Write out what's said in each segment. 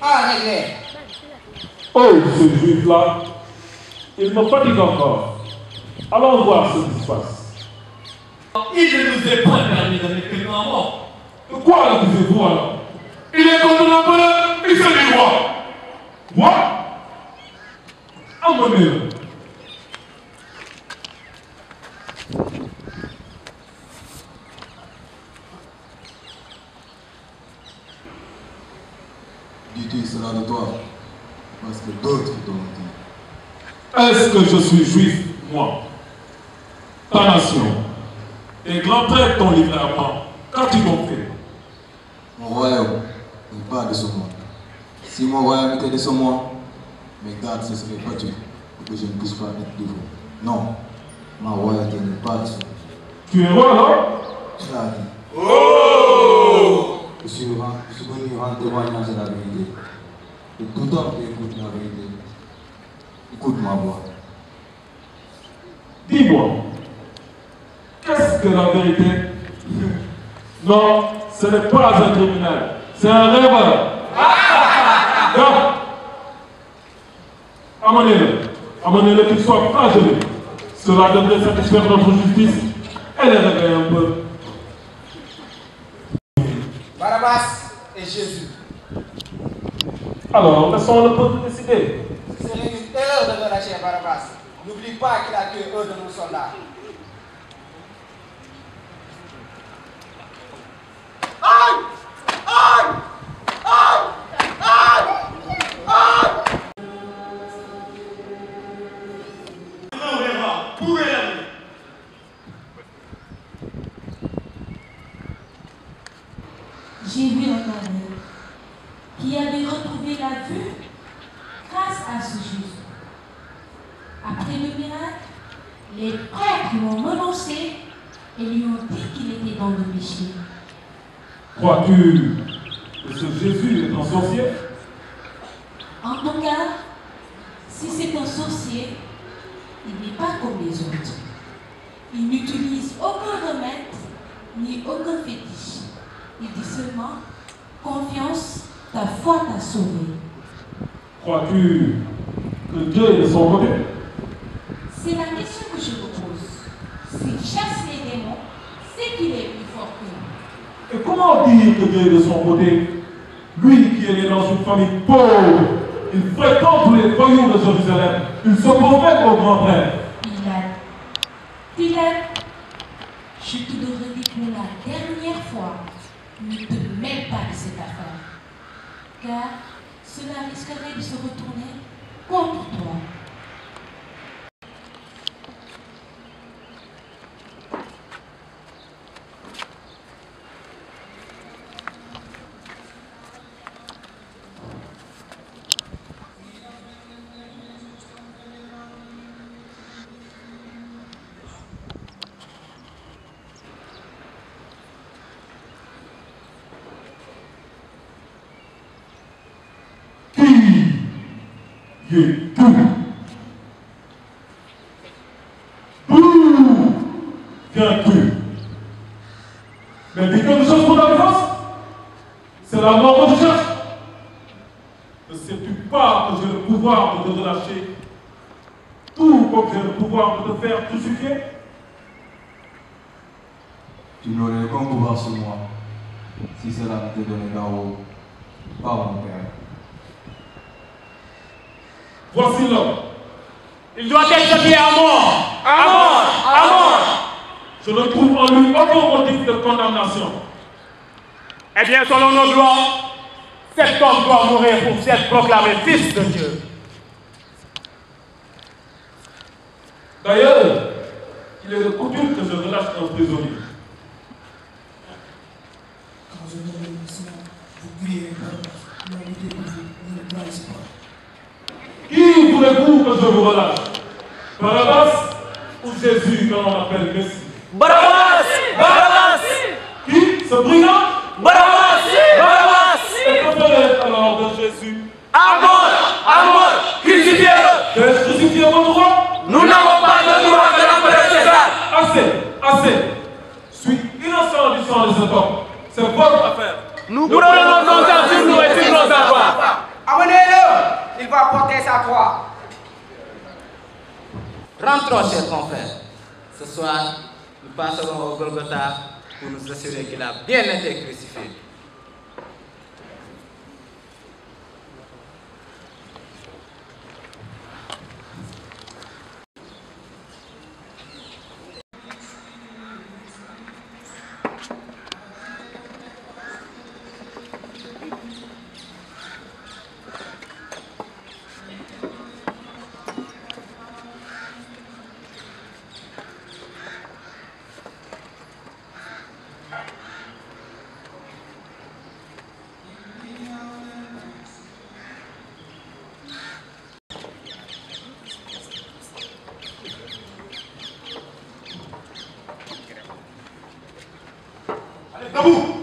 Ah, oh, ce juif-là, il me fatigue encore. Allons voir ce qui se passe. Il ne nous est pas permis d'aller de loin en quoi Pourquoi accusez-vous alors Il est contre l'empereur, il fait du roi. Moi amenez ah, le contradictoire. Parce que d'autres doivent dit. Est-ce que je suis juif, moi Ta nation. Et grand prêtre ton livré à moi. Qu'as-tu donc fait Mon royaume n'est pas de ce monde. Si mon royaume était de ce monde, mes gardes se seraient battus pour que je ne puisse pas être devant. Non, ma royauté n'est pas de ce monde. Tu es roi, non hein? Tu l'as dit. Oh Je suis venu rendre témoignage de la vérité. Écoute-moi toi qui vérité, écoute ma voix. Dis-moi, qu'est-ce que la vérité Non, ce n'est pas un criminel, c'est un rêveur. amenez-le, amenez-le qu'il soit fragilisé. Cela devrait satisfaire notre justice et les réveiller un peu. Barabbas et Jésus. Alors, mais on ne peut pas décider. C'est une erreur de relâcher Barabbas. N'oublie pas qu'il a tué eux de nos soldats. Aïe! Jésus est un sorcier En tout cas, si c'est un sorcier, il n'est pas comme les autres. Il n'utilise aucun remède ni aucun fétiche. Il dit seulement confiance, ta foi t'a sauvé. Crois-tu que Dieu est de son côté C'est la question que je vous pose. Si chasse les démons, c'est qu'il est plus fort que nous. Et comment dire que Dieu est de son côté lui qui est né dans une famille pauvre, il fréquente les voyous de Jérusalem. Il se promène au grand père Pilate, je te redis pour la dernière fois, ne te mets pas de cette affaire, car cela risquerait de se retourner contre toi. Dieu tout. Tout vient tu Mais dites-moi quelque chose pour la défense, C'est la mort que je cherche. Ne sais-tu pas que j'ai le pouvoir de te relâcher Tout comme j'ai le pouvoir de te faire tout suffire Tu n'aurais aucun pouvoir sur moi si cela n'était donné là-haut. Voici l'homme. Il doit être mis à mort. À mort. À mort. Je ne trouve en lui aucun motif de condamnation. Eh bien, selon nos lois, cet homme doit mourir pour cette proclamé fils de Dieu. D'ailleurs, il est de coutume que je relâche un prisonnier. Quand je vous priez, vous ne pas. Qui voulez-vous que je vous relâche Barabbas ou Jésus quand on appelle Messie Barabbas Barabbas Qui Ce brillant Barabbas Barabbas Et que à alors de Jésus À mort À mort Crucifiez-le Crucifiez mon droit Nous n'avons pas le droit de l'empereur César Assez Assez Je suis innocent du sang de cet homme. C'est votre affaire. Nous, Nous notre Ce soir, nous passerons au Golgotha pour nous assurer qu'il a bien été crucifié. Nabu!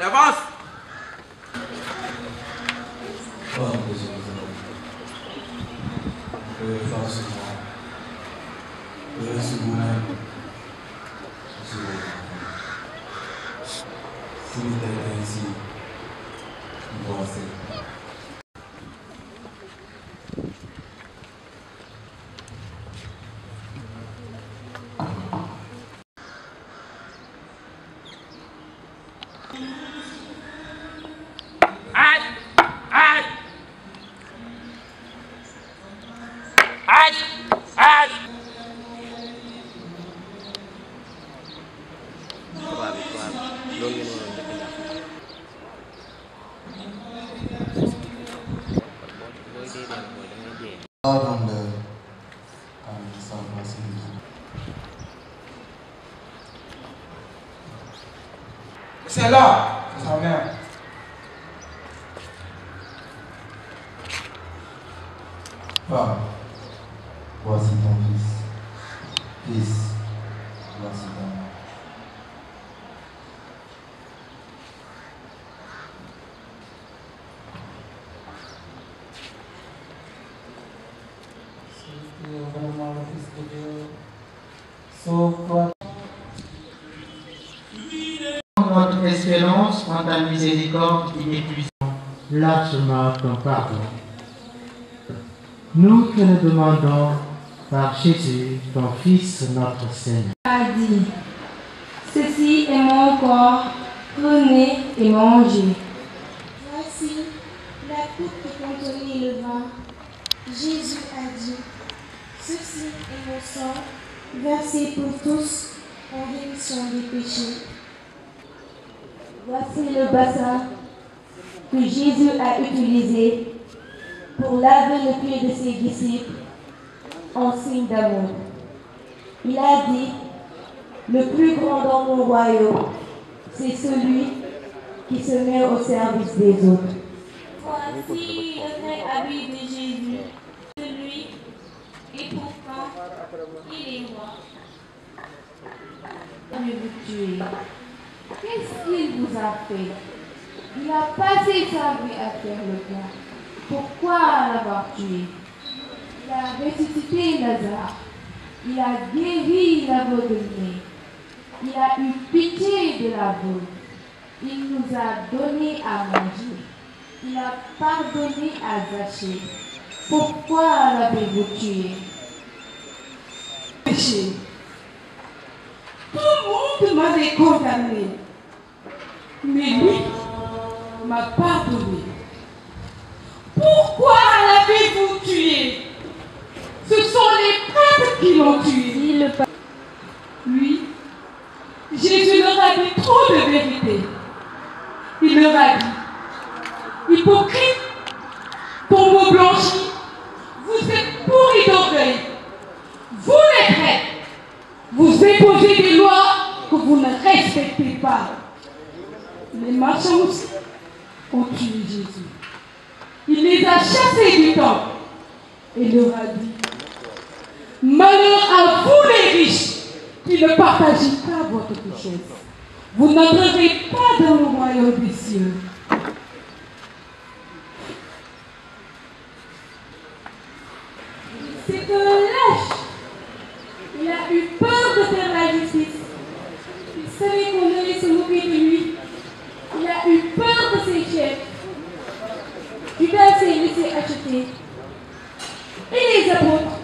la là, c'est sa mère. Femme, voici ton fils. Fils, miséricorde inépuisable. Lâche-moi ton pardon. Nous te le demandons par Jésus, ton Fils, notre Seigneur. A dit, ceci est mon corps, prenez et mangez. Voici la coupe que contenait le vin. Jésus a dit, ceci est mon sang, versé pour tous en rémission des péchés. Voici le bassin que Jésus a utilisé pour laver le pied de ses disciples en signe d'amour. Il a dit, le plus grand dans mon royaume, c'est celui qui se met au service des autres. Voici le vrai de Jésus, celui et pourtant il est moi. Qu'est-ce qu'il vous a fait Il a passé sa vie à faire le bien. Pourquoi l'avoir tué Il a ressuscité Lazare. Il a guéri la l'aveuglé. Il a eu pitié de la veau. Il nous a donné à manger. Il a pardonné à Zaché. Pourquoi l'avez-vous tué Péché. Tout le monde m'avait condamné mais lui m'a pardonné. Pourquoi l'avez-vous tué Ce sont les prêtres qui l'ont tué. Lui, Jésus leur a dit trop de vérité. Il leur a dit, hypocrite, vos blanchi, vous êtes pourris d'orgueil. Vous les prêtres, vous imposez des lois que vous ne respectez pas les marchands aussi ont tué Jésus. Il les a chassés du temple et leur a dit Malheur à vous les riches qui ne partagez pas votre richesse. Vous n'entrerez pas dans le royaume des cieux. et les apôtres.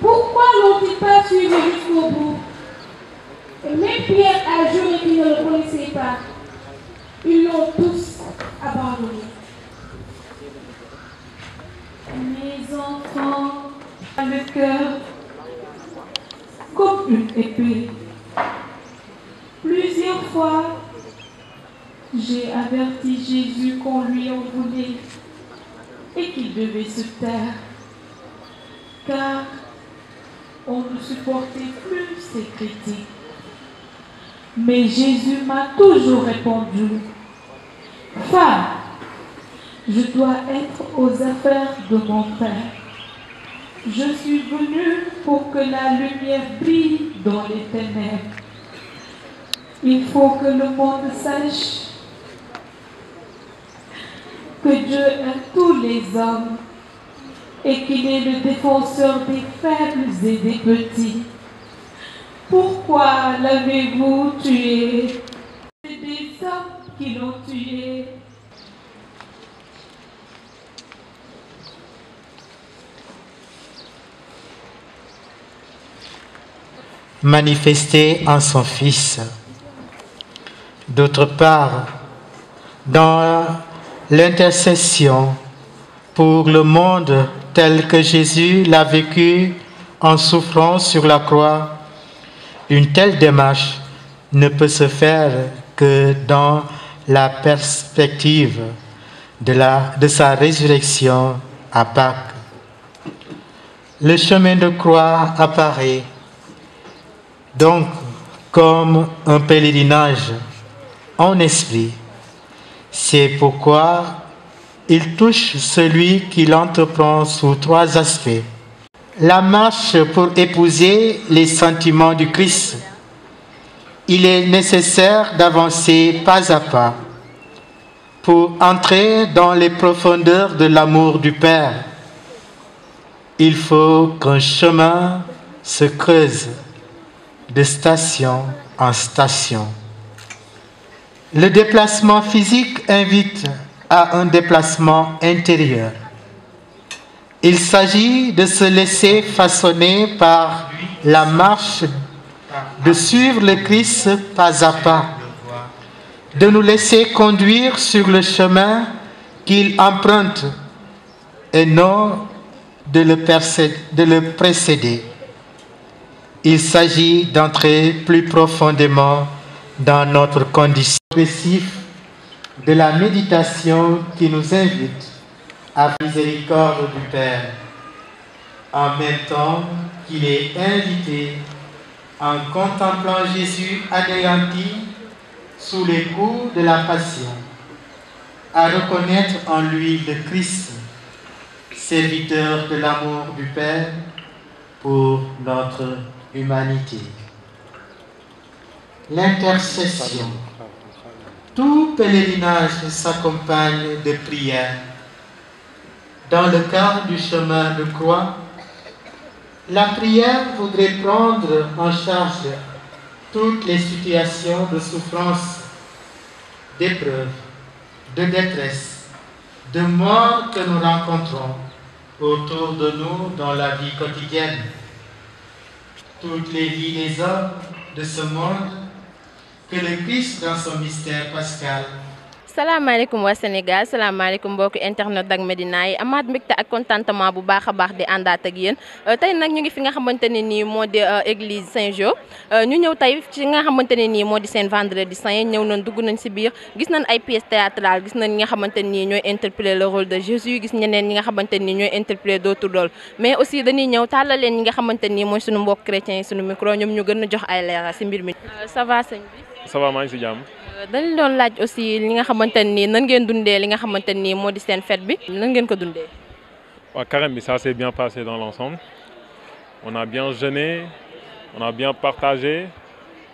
Pourquoi n'ont-ils pas suivi jusqu'au bout Et même Pierre a juré qu'ils ne le connaissaient pas. Ils l'ont tous abandonné. Mes enfants, le cœur comme une épée. Plusieurs fois, j'ai averti Jésus qu'on lui en voulait qu'il devait se taire, car on ne supportait plus ses critiques. Mais Jésus m'a toujours répondu, Femme, je dois être aux affaires de mon Père. Je suis venu pour que la lumière brille dans les ténèbres. Il faut que le monde sache que Dieu aime tous les hommes et qu'il est le défenseur des faibles et des petits. Pourquoi l'avez-vous tué C'est des hommes qui l'ont tué. manifesté en son Fils. D'autre part, dans l'intercession pour le monde tel que Jésus l'a vécu en souffrant sur la croix, une telle démarche ne peut se faire que dans la perspective de, de sa résurrection à Pâques. Le chemin de croix apparaît donc comme un pèlerinage en esprit c'est pourquoi il touche celui qui l'entreprend sous trois aspects. La marche pour épouser les sentiments du Christ. Il est nécessaire d'avancer pas à pas pour entrer dans les profondeurs de l'amour du Père. Il faut qu'un chemin se creuse de station en station. Le déplacement physique invite à un déplacement intérieur. Il s'agit de se laisser façonner par la marche, de suivre le Christ pas à pas, de nous laisser conduire sur le chemin qu'il emprunte et non de le, de le précéder. Il s'agit d'entrer plus profondément dans notre condition de la méditation qui nous invite à la miséricorde du Père, en même temps qu'il est invité, en contemplant Jésus anéanti sous les coups de la passion, à reconnaître en lui le Christ, serviteur de l'amour du Père pour notre humanité. L'intercession tout pèlerinage s'accompagne de prières. Dans le cadre du chemin de croix, la prière voudrait prendre en charge toutes les situations de souffrance, d'épreuve, de détresse, de mort que nous rencontrons autour de nous dans la vie quotidienne. Toutes les vies des hommes de ce monde que le Christ dans son mystère pascal. Salam alaikum wa Sénégal salaamaaleykum mbokki internet Dak Medina. yi amaat ak contentement bu baax bax di andat ak yeen. Euh, tay nak ñu ngi fi nga xamanteni ni modi euh, église Saint-Jean euh, ñu ñew tay ci nga xamanteni ni modi saint vendredi saint ñew nañ dugg nañ ci biir gis nañ ay pièces théâtrales gis nañ nga xamanteni ñoy interpréter le rôle de Jésus gis ñeneen ñi nga xamanteni ñoy ñooy interpréter d'autres rôles mais aussi dañuy ñew tàllal leen nga xamanteni moy suñu mbokk chrétien suñu micro ñom ñu gën jox ay leeral ci mbir mi ça va ça va maa ngi si jàmm. Euh, dañ doon laaj aussi li nga xamante ni nan ngeen dundee li nga xamante ni moo di seen fête bi. nan ngeen ko dundee. waaw carême bi ça s'est bien passé dans l'ensemble on a bien jeûné on a bien partagé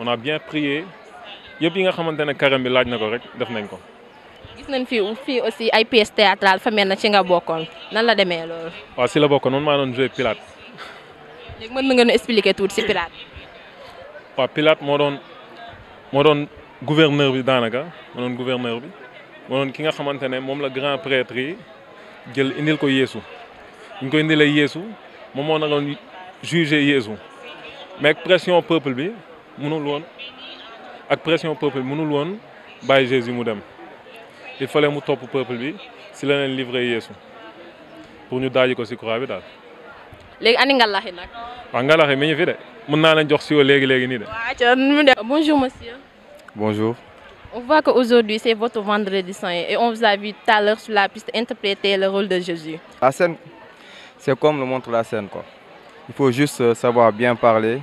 on a bien prié yëpp yi nga xamante ne carême bi laaj na ko rek def nañ ko. gis nañ fi fii aussi ay pièces théâtrales fa mel na ci nga bokkoon nan la demee loolu. waaw si la bokkoon man maa doon joué Pilate. léegi mën na nga nu expliquer tuuti si Pilate. waaw Pilate moo doon moo gouverneur bi danaka moo gouverneur bi moo ki nga xamantene mom la grand prêtre yi jël indil ko yeesu ñu koy indilee yeesu moom moo naroon jugé yeesu mais pression peuple bi mënul won ak pression peuple mënul won bàyyi Jésus mu dem il fallait mu top peuple bi si la leen livré pour ñu dajiko ci croix bi dal légui ani ngalaxi nag. waaw ngalaxi mi ñu fi de bonjour monsieur. bonjour. On voit qu'aujourd'hui, c'est votre vendredi saint et on vous a vu tout à l'heure sur la piste interpréter le rôle de Jésus. La scène, c'est comme le montre la scène. Quoi. Il faut juste euh, savoir bien parler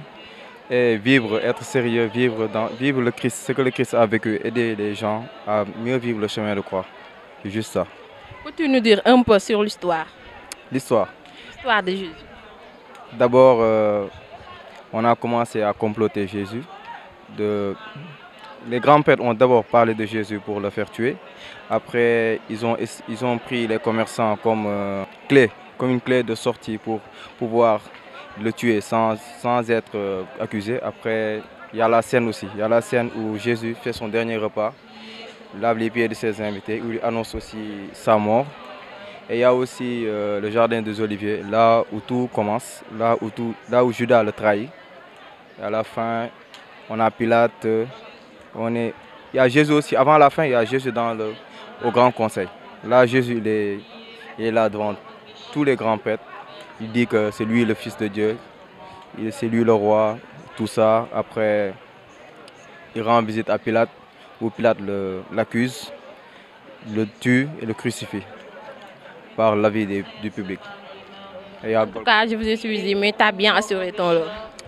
et vivre, être sérieux, vivre, dans, vivre le Christ, ce que le Christ a vécu, aider les gens à mieux vivre le chemin de croix. C'est juste ça. Peux-tu nous dire un peu sur l'histoire L'histoire. L'histoire de Jésus. D'abord, euh, on a commencé à comploter Jésus. Les grands-pères ont d'abord parlé de Jésus pour le faire tuer. Après, ils ont, ils ont pris les commerçants comme euh, clé, comme une clé de sortie pour pouvoir le tuer sans, être euh, accusé. Après, il y a la scène aussi. Il y a la scène où Jésus fait son dernier repas, lave les pieds de ses invités, où il annonce aussi sa mort. Et il y a aussi euh, le jardin des Oliviers, là où tout commence, là où, tout, là où Judas le trahit à la fin, on a Pilate. On est... Il y a Jésus aussi. Avant la fin, il y a Jésus dans le... au grand conseil. Là, Jésus, est, là devant tous les grands prêtres. Il dit que c'est lui le Fils de Dieu, c'est lui le roi, tout ça. Après, il rend visite à Pilate, où Pilate l'accuse, le, tue et le crucifie par l'avis du public. en tout cas, je vous ai suivi, mais tu as bien assuré ton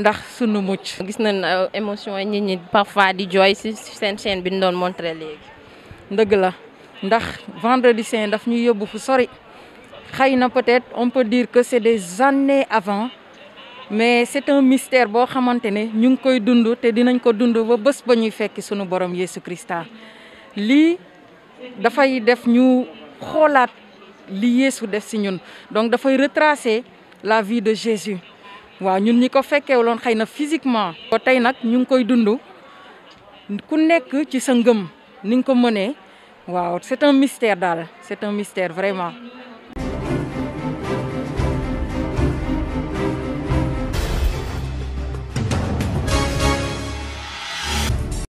ndax sunu mucc. gis nañ euh, émotion yi nit ñi parfois di jooy si seen chaîne bi ñu doon montré léegi. dëgg la ndax vendredi saint daf ñu yóbbu fu sori xëy na peut-être on peut dire que c'est des années avant mais c'est un mystère boo xamante ne ñu ngi koy dund te dinañ ko dund ba bés ba ñuy fekki sunu borom Yeesu Li, lii dafay def ñu xoolaat li Yeesu def ci ñun donc dafay retracer la vie de Jésus. waaw ñun ñi ko fekkeewuloon xëy na physiquement. ko tey nag ñu ngi koy dund ku nekk ci sa ni nga ko mënee waaw c'est un mystère daal c'est un mystère vraiment.